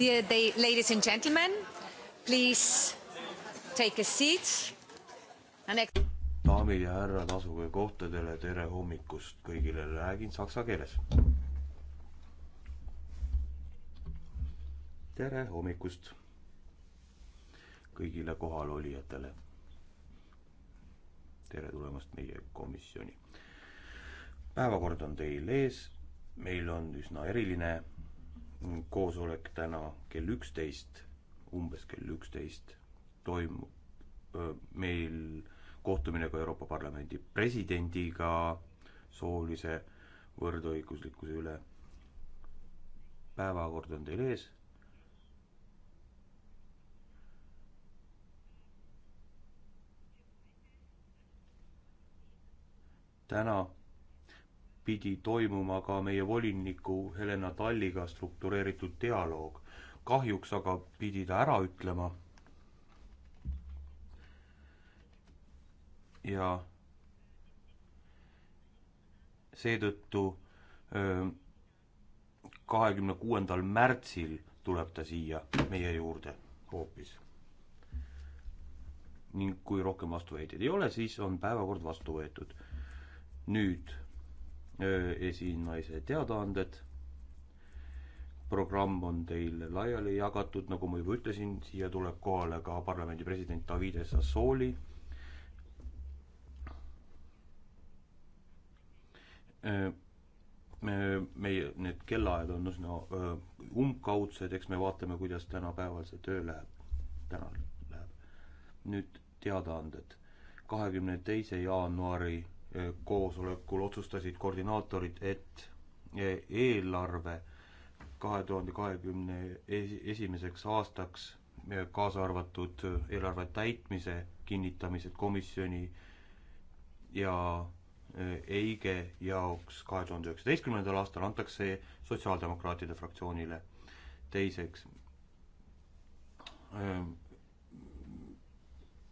Dear day, ladies and gentlemen, please take a seat. daamid ja härrad, asuge kohtadele, tere hommikust kõigile, räägin saksa keeles. tere hommikust kõigile kohalolijatele. tere tulemast meie komisjoni. päevakord on teil ees, meil on üsna eriline koosolek täna kell üksteist, umbes kell üksteist toimub meil kohtumine ka Euroopa Parlamendi presidendiga soolise võrdõiguslikkuse üle. päevakord on teil ees. täna pidi toimuma ka meie voliniku Helena Talliga struktureeritud dialoog. kahjuks aga pidi ta ära ütlema. ja seetõttu kahekümne kuuendal märtsil tuleb ta siia meie juurde hoopis. ning kui rohkem vastuväiteid ei ole, siis on päevakord vastu võetud. nüüd esinaise teadaanded. programm on teile laiali jagatud, nagu ma juba ütlesin, siia tuleb kohale ka parlamendi president Davide Sassoli. me, meie need kellaajad on üsna no, umbkaudsed, eks me vaatame, kuidas tänapäeval see töö läheb, täna läheb. nüüd teadaanded. kahekümne teise jaanuari koosolekul otsustasid koordinaatorid, et eelarve kahe tuhande kahekümne esimeseks aastaks, kaasa arvatud eelarve täitmise kinnitamised komisjoni ja EIGE jaoks kahe tuhande üheksateistkümnendal aastal antakse Sotsiaaldemokraatide fraktsioonile. teiseks,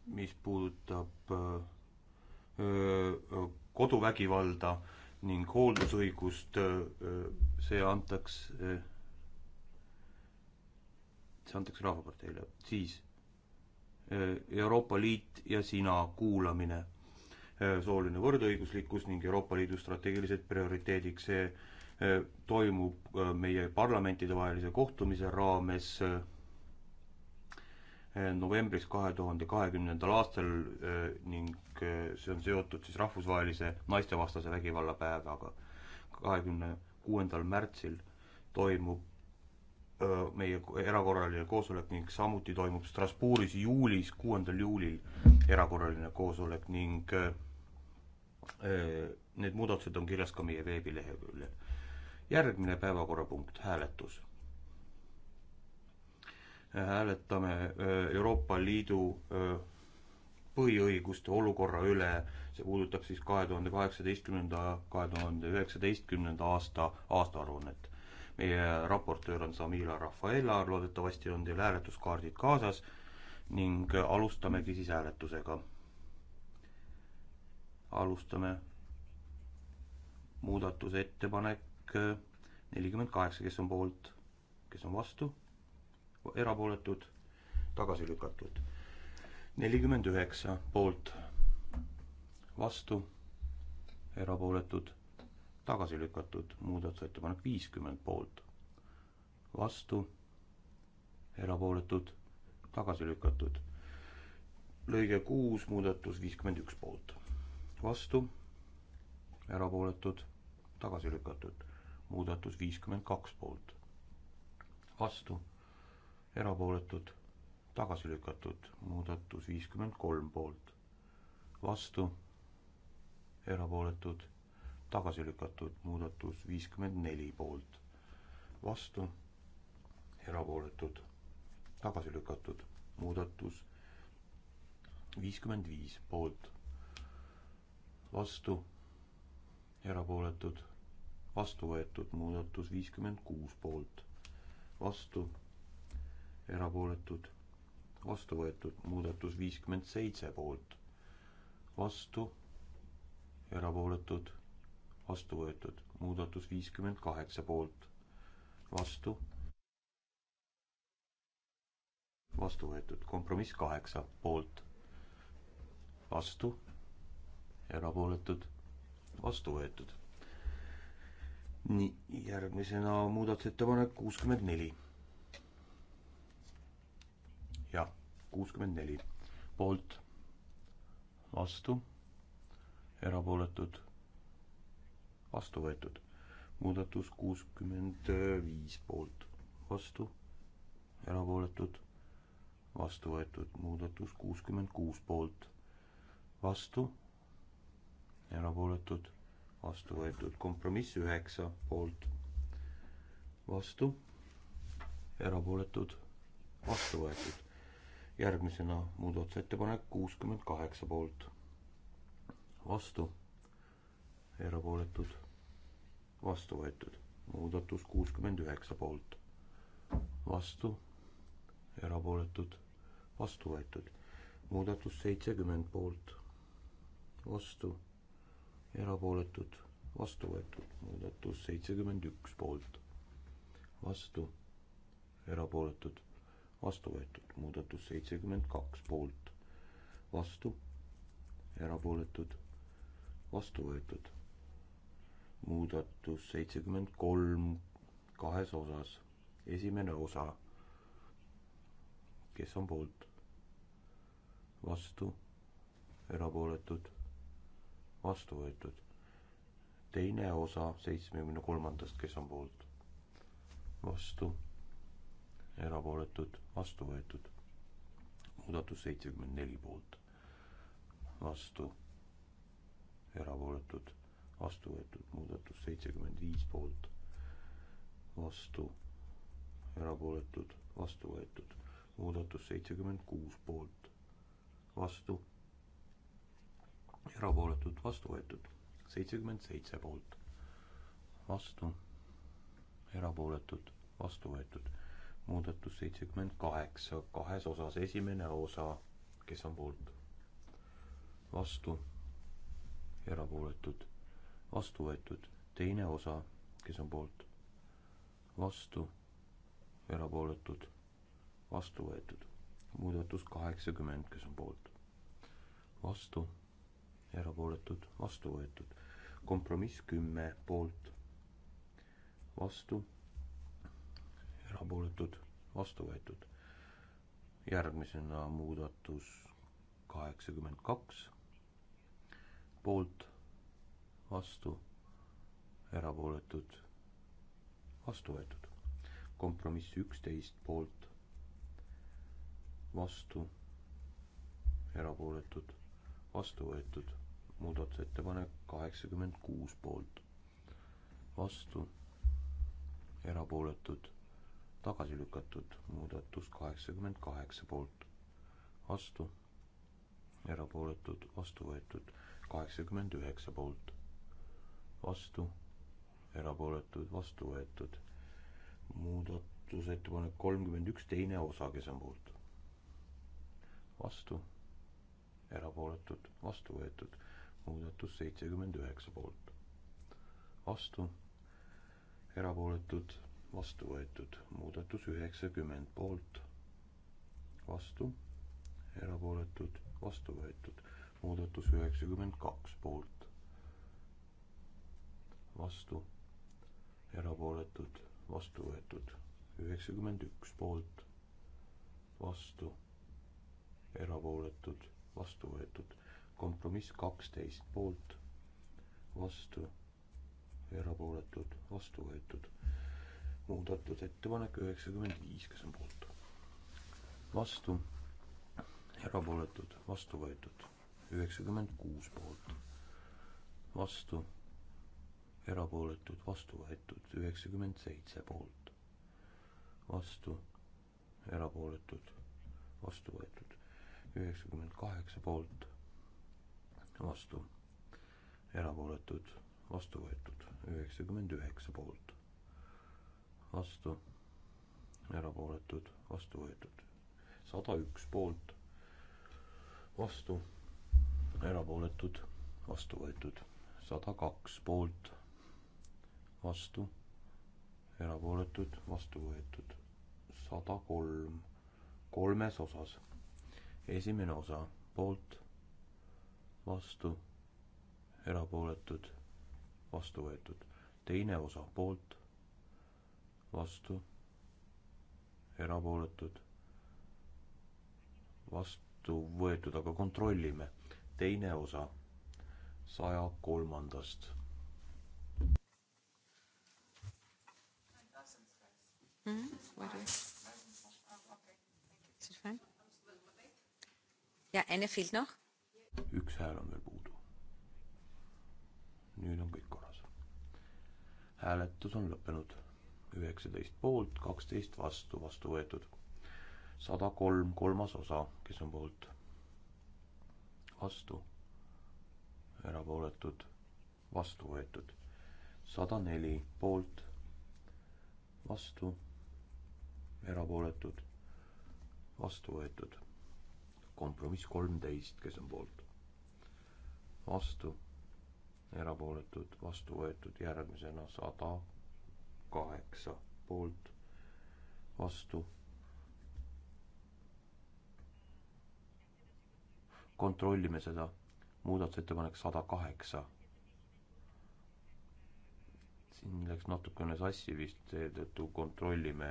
mis puudutab koduvägivalda ning hooldusõigust, see antakse, see antakse Rahvaparteile, siis Euroopa Liit ja sina kuulamine, sooline võrdõiguslikkus ning Euroopa Liidu strateegilised prioriteediks, see toimub meie parlamentidevahelise kohtumise raames Eh, novembris kahe tuhande kahekümnendal aastal eh, ning eh, see on seotud siis rahvusvahelise naistevastase vägivalla päevaga. kahekümne kuuendal märtsil toimub meie erakorraline koosolek ning samuti toimub Strasbourgis juulis, kuuendal juulil erakorraline koosolek ning need muudatused on kirjas ka meie veebileheküljel. järgmine päevakorrapunkt, hääletus hääletame Euroopa Liidu põhiõiguste olukorra üle, see puudutab siis kahe tuhande kaheksateistkümnenda, kahe tuhande üheksateistkümnenda aasta aastaaruannet. meie raportöör on Samila Rafaela, loodetavasti on teil hääletuskaardid kaasas ning alustamegi siis hääletusega. alustame muudatusettepanek nelikümmend kaheksa, kes on poolt, kes on vastu erapooletud, tagasi lükatud. nelikümmend üheksa poolt, vastu, erapooletud, tagasi lükatud, muudatusettepanek viiskümmend poolt, vastu, erapooletud, tagasi lükatud. lõige kuus, muudatus viiskümmend üks poolt, vastu, erapooletud, tagasi lükatud, muudatus viiskümmend kaks poolt, vastu erapooletud, tagasi lükatud, muudatus viiskümmend kolm poolt, vastu, erapooletud, tagasi lükatud, muudatus viiskümmend neli poolt, vastu, erapooletud, tagasi lükatud, muudatus viiskümmend viis poolt, vastu, erapooletud, vastu võetud, muudatus viiskümmend kuus poolt, vastu erapooletud, vastu võetud, muudatus viiskümmend seitse poolt, vastu, erapooletud, vastu võetud, muudatus viiskümmend kaheksa poolt, vastu, vastu võetud, kompromiss kaheksa poolt, vastu, erapooletud, vastu võetud. nii, järgmisena muudatusettepanek kuuskümmend neli kuuskümmend neli poolt, vastu, erapooletud, vastu võetud. muudatus kuuskümmend viis poolt, vastu, erapooletud, vastu võetud. muudatus kuuskümmend kuus poolt, vastu, erapooletud, vastu võetud. kompromiss üheksa poolt, vastu, erapooletud, vastu võetud järgmisena muudatusettepanek kuuskümmend kaheksa poolt, vastu, erapooletud, vastu võetud. muudatus kuuskümmend üheksa poolt, vastu, erapooletud, vastu võetud. muudatus seitsekümmend poolt, vastu, erapooletud, vastu võetud. muudatus seitsekümmend üks poolt, vastu, erapooletud vastu võetud, muudatus seitsekümmend kaks poolt, vastu, erapooletud, vastu võetud. muudatus seitsekümmend kolm kahes osas, esimene osa, kes on poolt, vastu, erapooletud, vastu võetud. teine osa seitsmekümne kolmandast, kes on poolt, vastu erapooletud, vastu võetud. muudatus seitsekümmend neli poolt, vastu, erapooletud, vastu võetud, muudatus seitsekümmend viis poolt, vastu, erapooletud, vastu võetud, muudatus seitsekümmend kuus poolt, vastu, erapooletud, vastu võetud, seitsekümmend seitse poolt, vastu, erapooletud, vastu võetud muudatus seitsekümmend kaheksa kahes osas, esimene osa, kes on poolt, vastu, erapooletud, vastu võetud, teine osa, kes on poolt, vastu, erapooletud, vastu võetud, muudatus kaheksakümmend, kes on poolt, vastu, erapooletud, vastu võetud, kompromiss kümme poolt, vastu erapooletud, vastu võetud. järgmisena muudatus kaheksakümmend kaks, poolt, vastu, erapooletud, vastu võetud. kompromiss üksteist poolt, vastu, erapooletud, vastu võetud. muudatusettepanek kaheksakümmend kuus poolt, vastu, erapooletud tagasi lükatud, muudatus kaheksakümmend kaheksa poolt, vastu, erapooletud, vastu võetud, kaheksakümmend üheksa poolt, vastu, erapooletud, vastu võetud, muudatusettepanek kolmkümmend üks, teine osa, kes on poolt, vastu, erapooletud, vastu võetud, muudatus seitsekümmend üheksa poolt, vastu, erapooletud vastu võetud, muudatus üheksakümmend poolt, vastu, erapooletud, vastu võetud, muudatus üheksakümmend kaks poolt, vastu, erapooletud, vastu võetud, üheksakümmend üks poolt, vastu, erapooletud, vastu võetud, kompromiss kaksteist poolt, vastu, erapooletud, vastu võetud muudatusettepanek üheksakümmend viis, kes on poolt? vastu, erapooletud, vastu võetud, üheksakümmend kuus poolt, vastu, erapooletud, vastu võetud, üheksakümmend seitse poolt, vastu, erapooletud, vastu võetud, üheksakümmend kaheksa poolt, vastu, erapooletud, vastu võetud, üheksakümmend üheksa poolt, vastu, erapooletud, vastu võetud. sada üks poolt, vastu, erapooletud, vastu võetud. sada kaks poolt, vastu, erapooletud, vastu võetud. sada kolm, kolmes osas. esimene osa poolt, vastu, erapooletud, vastu võetud. teine osa poolt vastu, erapooletud, vastu võetud, aga kontrollime. teine osa saja kolmandast. Hmm? ja enne fehlt noch? üks hääl on veel puudu. nüüd on kõik korras. hääletus on lõppenud üheksateist poolt, kaksteist vastu, vastu võetud. sada kolm, kolmas osa, kes on poolt? vastu. erapooletud, vastu võetud. sada neli poolt, vastu, erapooletud, vastu võetud. kompromiss kolmteist, kes on poolt? vastu, erapooletud, vastu võetud, järgmisena sada kaheksa poolt, vastu. kontrollime seda, muudatusettepanek sada kaheksa. siin läks natukene sassi vist, seetõttu kontrollime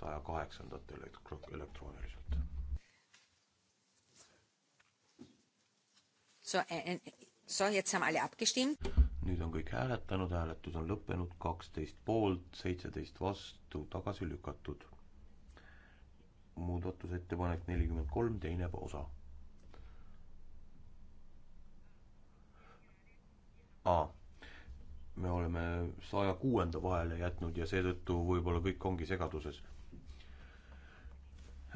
saja kaheksandat elektro-, elektrooniliselt. So, äh, äh, so jetzt haben alle abgestimmt nüüd on kõik hääletanud, hääletus on lõppenud, kaksteist poolt, seitseteist vastu, tagasi lükatud. muudatusettepanek nelikümmend kolm, teine osa. aa, me oleme saja kuuenda vahele jätnud ja seetõttu võib-olla kõik ongi segaduses.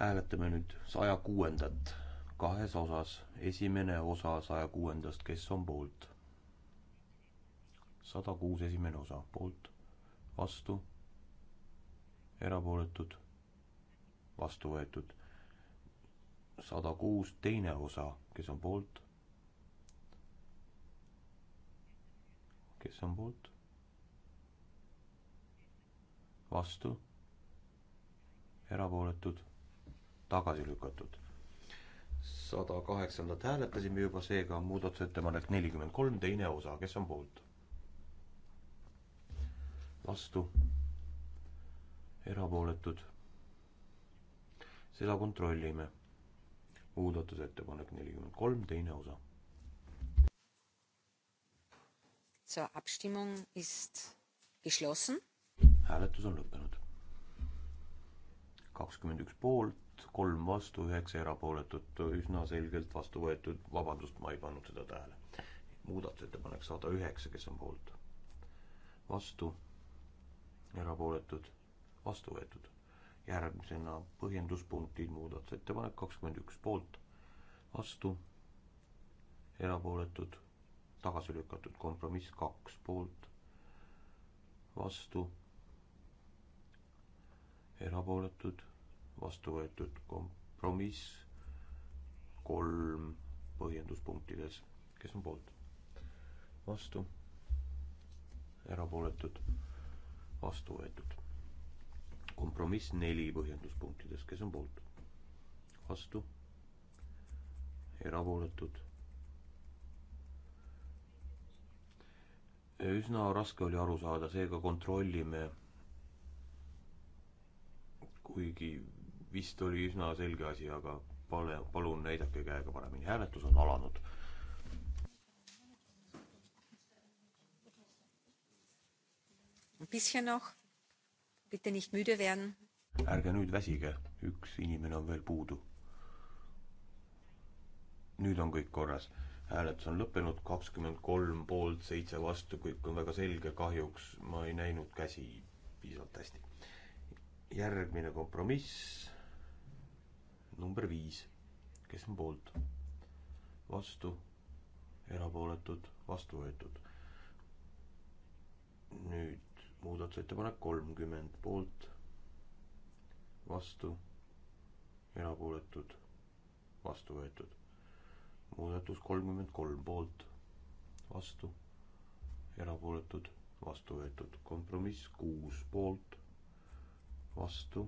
hääletame nüüd saja kuuendat kahes osas, esimene osa saja kuuendast, kes on poolt sada kuus esimene osa poolt, vastu, erapooletud, vastu võetud. sada kuus teine osa, kes on poolt, kes on poolt, vastu, erapooletud, tagasi lükatud sada kaheksandat hääletasime juba, seega muudatusettepanek nelikümmend kolm, teine osa, kes on poolt? vastu, erapooletud. seda kontrollime. muudatusettepanek nelikümmend kolm, teine osa. Zur Abstimmung ist geschlossen. hääletus on lõppenud. kakskümmend üks poolt, kolm vastu, üheksa erapooletut, üsna selgelt vastu võetud, vabandust, ma ei pannud seda tähele muudatusettepanek sada üheksa, kes on poolt? vastu erapooletud, vastu võetud. järgmisena põhjenduspunktid, muudatusettepanek kakskümmend üks poolt, vastu, erapooletud, tagasi lükatud, kompromiss kaks poolt, vastu, erapooletud, vastu võetud, kompromiss kolm põhjenduspunktides, kes on poolt, vastu, erapooletud vastu võetud. kompromiss neli põhjenduspunktides, kes on poolt? vastu? erapooletud? üsna raske oli aru saada, seega kontrollime. kuigi vist oli üsna selge asi, aga pale, palun näidake käega paremini, hääletus on alanud ärge nüüd väsige, üks inimene on veel puudu. nüüd on kõik korras, hääletus on lõppenud, kakskümmend kolm poolt, seitse vastu, kõik on väga selge, kahjuks ma ei näinud käsi piisavalt hästi. järgmine kompromiss, number viis, kes on poolt? vastu, erapooletud, vastu võetud. nüüd muudatusettepanek kolmkümmend poolt, vastu, erapooletud, vastu võetud. muudatus kolmkümmend kolm poolt, vastu, erapooletud, vastu võetud. kompromiss kuus poolt, vastu,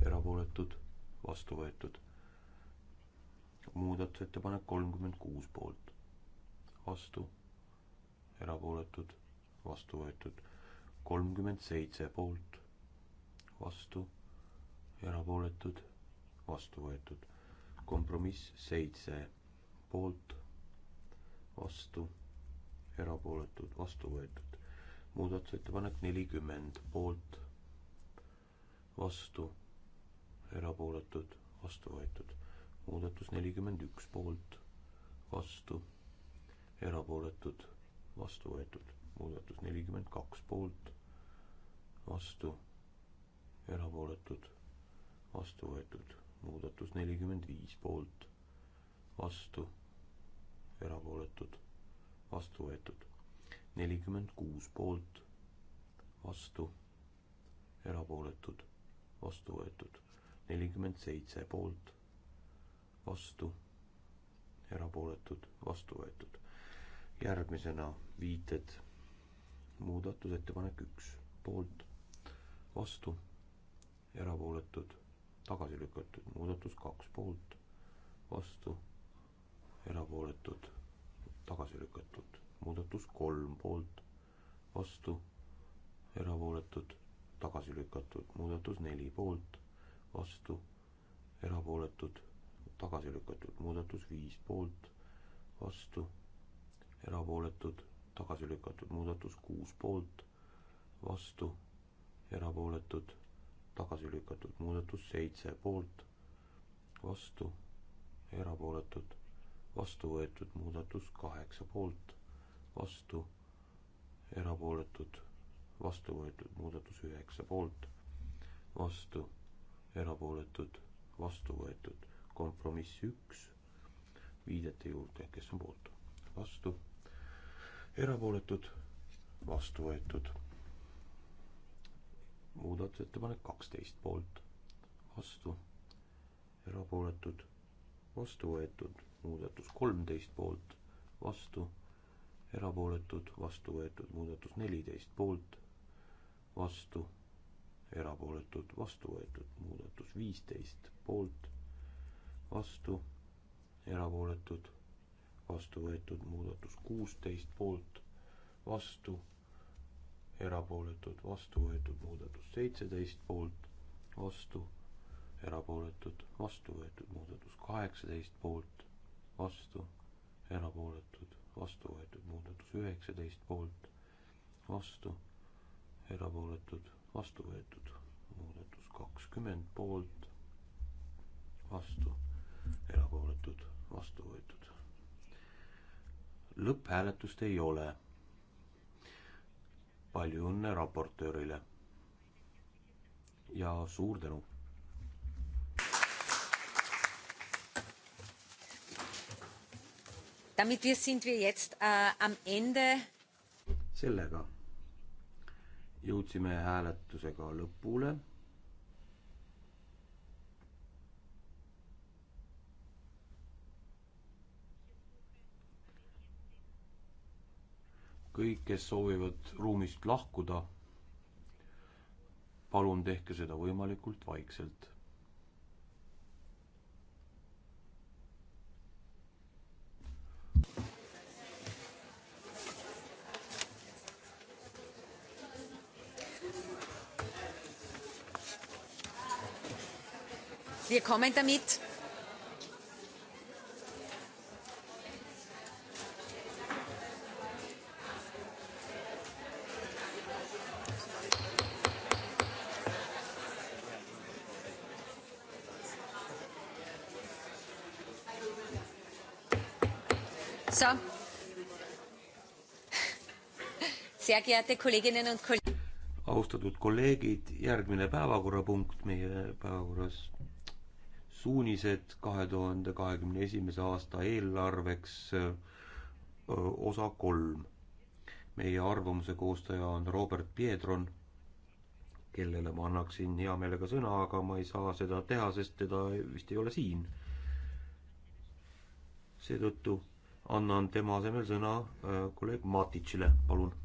erapooletud, vastu võetud. muudatusettepanek kolmkümmend kuus poolt, vastu, erapooletud vastu võetud kolmkümmend seitse poolt, vastu, erapooletud, vastu võetud. kompromiss seitse poolt, vastu, erapooletud, vastu võetud. muudatusettepanek nelikümmend poolt, vastu, erapooletud, vastu võetud. muudatus nelikümmend üks poolt, vastu, erapooletud vastu võetud. muudatus nelikümmend kaks poolt, vastu, erapooletud, vastu võetud. muudatus nelikümmend viis poolt, vastu, erapooletud, vastu võetud. nelikümmend kuus poolt, vastu, erapooletud, vastu võetud. nelikümmend seitse poolt, vastu, erapooletud, vastu võetud järgmisena viited muudatusettepanek üks, poolt, vastu, erapooletud, tagasi lükatud, muudatus kaks, poolt, vastu, erapooletud, tagasi lükatud, muudatus kolm, poolt, vastu, erapooletud, tagasi lükatud, muudatus neli, poolt, vastu, erapooletud, tagasi lükatud, muudatus viis, poolt, vastu erapooletud, tagasi lükatud muudatus kuus poolt, vastu, erapooletud, tagasi lükatud muudatus seitse poolt, vastu, erapooletud, vastu võetud muudatus kaheksa poolt, vastu, erapooletud, vastu võetud muudatus üheksa poolt, vastu, erapooletud, vastu võetud kompromiss üks viidete juurde, kes on poolt, vastu erapooletud, vastu võetud. muudatusettepanek kaksteist poolt, vastu, erapooletud, vastu võetud, muudatus kolmteist poolt, vastu, erapooletud, vastu võetud, muudatus neliteist poolt, vastu, erapooletud, vastu võetud, muudatus viisteist poolt, vastu, erapooletud vastu võetud muudatus kuusteist poolt, vastu, erapooletud, vastu võetud muudatus seitseteist poolt, vastu, erapooletud, vastu võetud muudatus kaheksateist poolt, vastu, erapooletud, vastu võetud muudatus üheksateist poolt, vastu, erapooletud, vastu võetud muudatus kakskümmend poolt, vastu, erapooletud, vastu võetud lõpphääletust ei ole. palju õnne raportöörile. ja suur tänu. Damit wir sind wir jetzt äh, am Ende. sellega jõudsime hääletusega lõpule kõik, kes soovivad ruumist lahkuda, palun tehke seda võimalikult vaikselt. Wir kommen damit austatud kolleegid, järgmine päevakorrapunkt meie päevakorras, suunised kahe tuhande kahekümne esimese aasta eelarveks osa kolm. meie arvamuse koostaja on Robert Piedron, kellele ma annaksin hea meelega sõna, aga ma ei saa seda teha, sest teda vist ei ole siin. seetõttu annan tema asemel sõna kolleeg Matitšile, palun.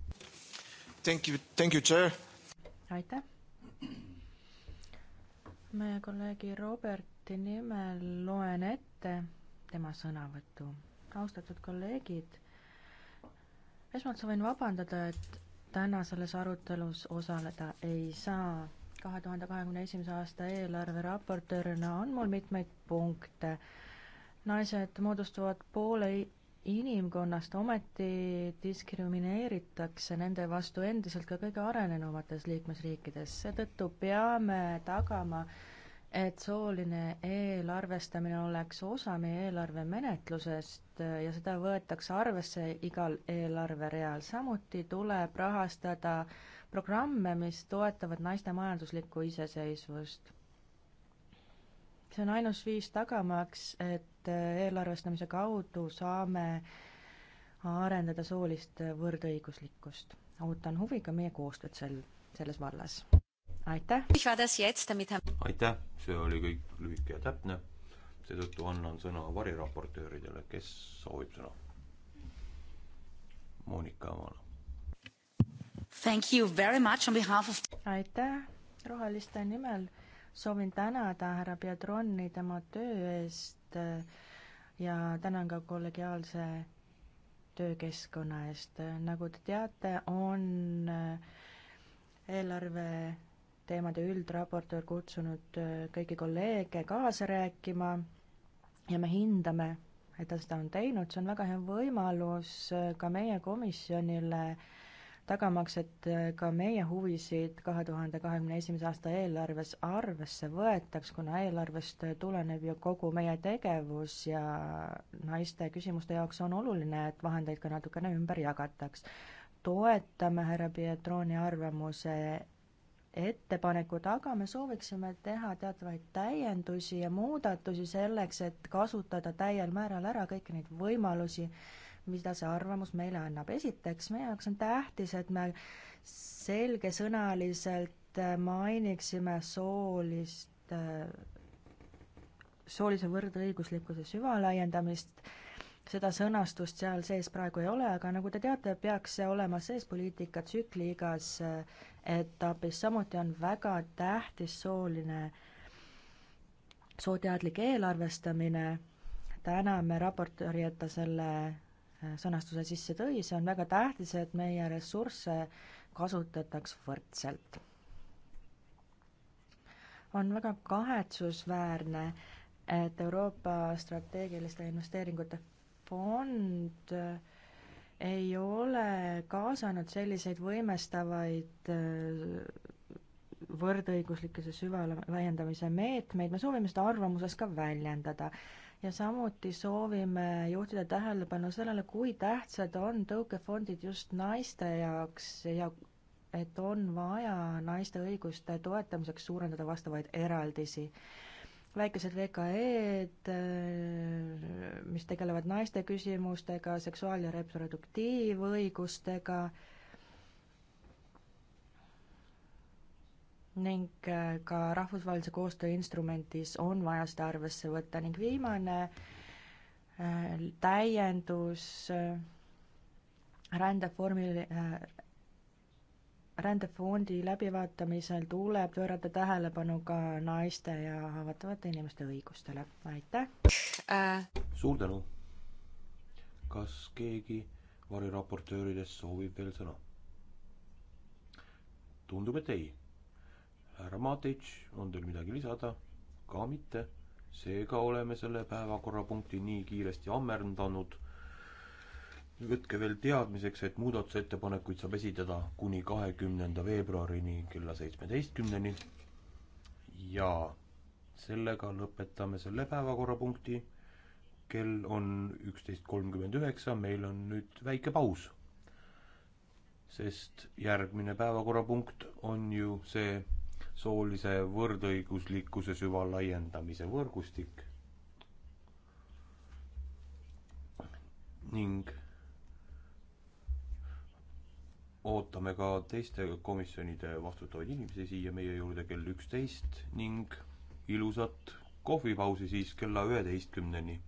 Thank you, thank you, chair. aitäh. meie kolleegi Roberti nimel loen ette tema sõnavõtu. austatud kolleegid, esmalt soovin vabandada, et täna selles arutelus osaleda ei saa. kahe tuhande kahekümne esimese aasta eelarve raportöörina on mul mitmeid punkte naised moodustavad poole inimkonnast ometi diskrimineeritakse nende vastu endiselt ka kõige arenenumates liikmesriikides, seetõttu peame tagama, et sooline eelarvestamine oleks osa meie eelarvemenetlusest ja seda võetakse arvesse igal eelarvereal, samuti tuleb rahastada programme, mis toetavad naiste majanduslikku iseseisvust see on ainus viis tagamaks, et äh, eelarvestamise kaudu saame arendada soolist võrdõiguslikkust. ootan huviga meie koostööd sel, selles vallas. aitäh! aitäh, see oli kõik lühike ja täpne. seetõttu annan sõna variraportööridele, kes soovib sõna. Monika Amala. Thank you very much on behalf of aitäh roheliste nimel soovin tänada härra Pietroni tema töö eest äh, ja tänan ka kollegiaalse töökeskkonna eest. nagu te teate, on äh, eelarve teemade üldraportöör kutsunud äh, kõiki kolleege kaasa rääkima ja me hindame, et ta seda on teinud, see on väga hea võimalus ka meie komisjonile äh, tagamaks, et äh, ka meie huvisid kahe tuhande kahekümne esimese aasta eelarves arvesse võetaks, kuna eelarvest äh, tuleneb ju kogu meie tegevus ja naiste küsimuste jaoks on oluline, et vahendeid ka natukene ümber jagataks. toetame härra Pietroni arvamuse ettepanekut, aga me sooviksime teha teatavaid täiendusi ja muudatusi selleks, et kasutada täiel määral ära kõiki neid võimalusi, mida see arvamus meile annab. esiteks, meie jaoks on tähtis, et me selgesõnaliselt äh, mainiksime soolist, äh, soolise võrdõiguslikkuse süvalaiendamist, seda sõnastust seal sees praegu ei ole, aga nagu te teate, peaks see olema sees poliitikatsükli igas äh, etapis, samuti on väga tähtis sooline, sooteadlik eelarvestamine, täname raportööri, et ta selle Äh, sõnastuse sisse tõi, see on väga tähtis, et meie ressursse kasutataks võrdselt. on väga kahetsusväärne, et Euroopa strateegiliste investeeringute fond äh, ei ole kaasanud selliseid võimestavaid äh, võrdõiguslikkuse süvalaiendamise meetmeid, me soovime seda arvamuses ka väljendada ja samuti soovime juhtida tähelepanu sellele, kui tähtsad on tõukefondid just naiste jaoks ja et on vaja naiste õiguste toetamiseks suurendada vastavaid eraldisi. väikesed VKE-d, mis tegelevad naiste küsimustega, seksuaal- ja reproduktiivõigustega, ning äh, ka rahvusvahelise koostöö instrumentis on vaja seda arvesse võtta ning viimane äh, täiendus äh, rändeformi, rändefondi läbivaatamisel tuleb pöörata tähelepanu ka naiste ja haavatavate inimeste õigustele. aitäh äh.! suur tänu! kas keegi variraportööridest soovib veel sõna? tundub, et ei härra Matitš, on teil midagi lisada? ka mitte. seega oleme selle päevakorrapunkti nii kiiresti ammendanud. võtke veel teadmiseks, et muudatusettepanekuid saab esitada kuni kahekümnenda veebruarini kella seitsmeteistkümneni. ja sellega lõpetame selle päevakorrapunkti. kell on üksteist kolmkümmend üheksa, meil on nüüd väike paus. sest järgmine päevakorrapunkt on ju see soolise võrdõiguslikkuse süvalaiendamise võrgustik ning ootame ka teiste komisjonide vastutavaid inimesi siia meie juurde kell üksteist ning ilusat kohvipausi siis kella üheteistkümneni